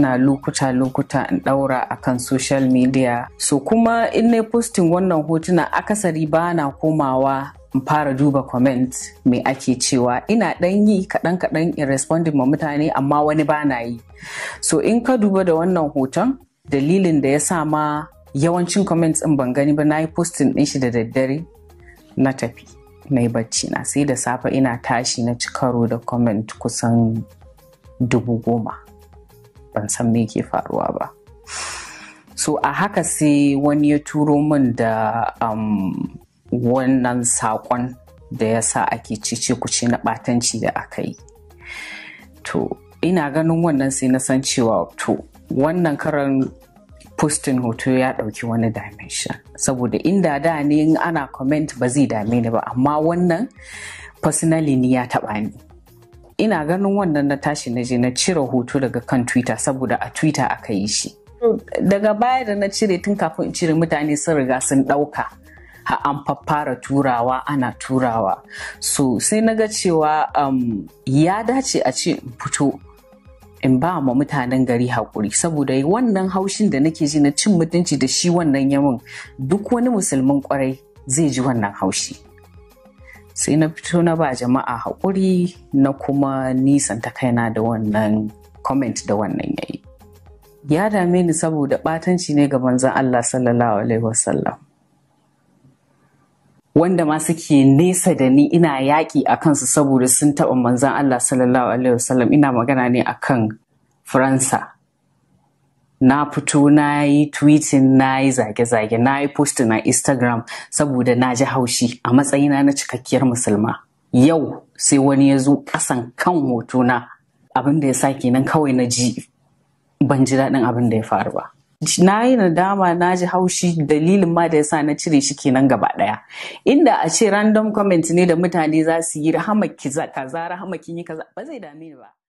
na lokuta-lokuta in ɗaura kan social media so kuma in na postin wannan hotuna akasari ba na komawa in fara duba comment mai ake cewa ina dan yi kaɗan kaɗan in responding ma mutane amma wani ba na yi so in ka duba da wannan hoton dalilin da ya sa ma yawancin comments in ban gani ba na yi postin din shi da daddare na tafi na bacci na sai da safe ina tashi na ci karo da comment kusan dubu goma ban san me ke faruwa ba so a haka sai wani ya turo min da um, wannan saƙon da ya sa ake cice kuce na batanci da aka yi to ina ganin wannan sai na san cewa to wannan karan postin hoto ya ɗauki wani dimension saboda inda da ne ana comment ba zai dame ni ba amma wannan personally ni ya taɓa ni ina ganin wannan na tashi na je na cire hoto daga kan twitter saboda a twitter aka yi shi mm. daga baya da na cire tun kafin in cire mutane sun riga sun ɗauka an fara turawa ana turawa so sai na ga cewa um, ya dace a ce in fito in ba ma mutanen gari hakuri saboda wannan haushin da nake ji na cin mutunci da shi wannan yawan duk wani musulmin kwarai zai ji wannan haushi sai na fito na ba jama'a haƙuri na kuma nisanta kaina da wannan comment da wannan yayi ya dame ni saboda ɓatanci ne ga manzon Allah sallallahu alaihi wasallam wanda ma suke nesa da ni ina yaƙi a kansu saboda sun taɓa manzan Allah sallallahu alaihi wasallam ina magana ne a kan Faransa na fito na yi tweeting na yi zage-zage na yi post na instagram saboda na ji haushi a matsayina na cikakkiyar musulma yau sai wani ya zo kasan kan hotona abin da ya sa kenan kawai na ji ban ji daɗin abin da ya faru ba na yi nadama na ji haushi dalilin ma da ya sa na cire shi kenan gaba ɗaya inda a ce random comment ne da mutane za su yi rahama kaza rahama kin yi kaza ba zai dame ni ba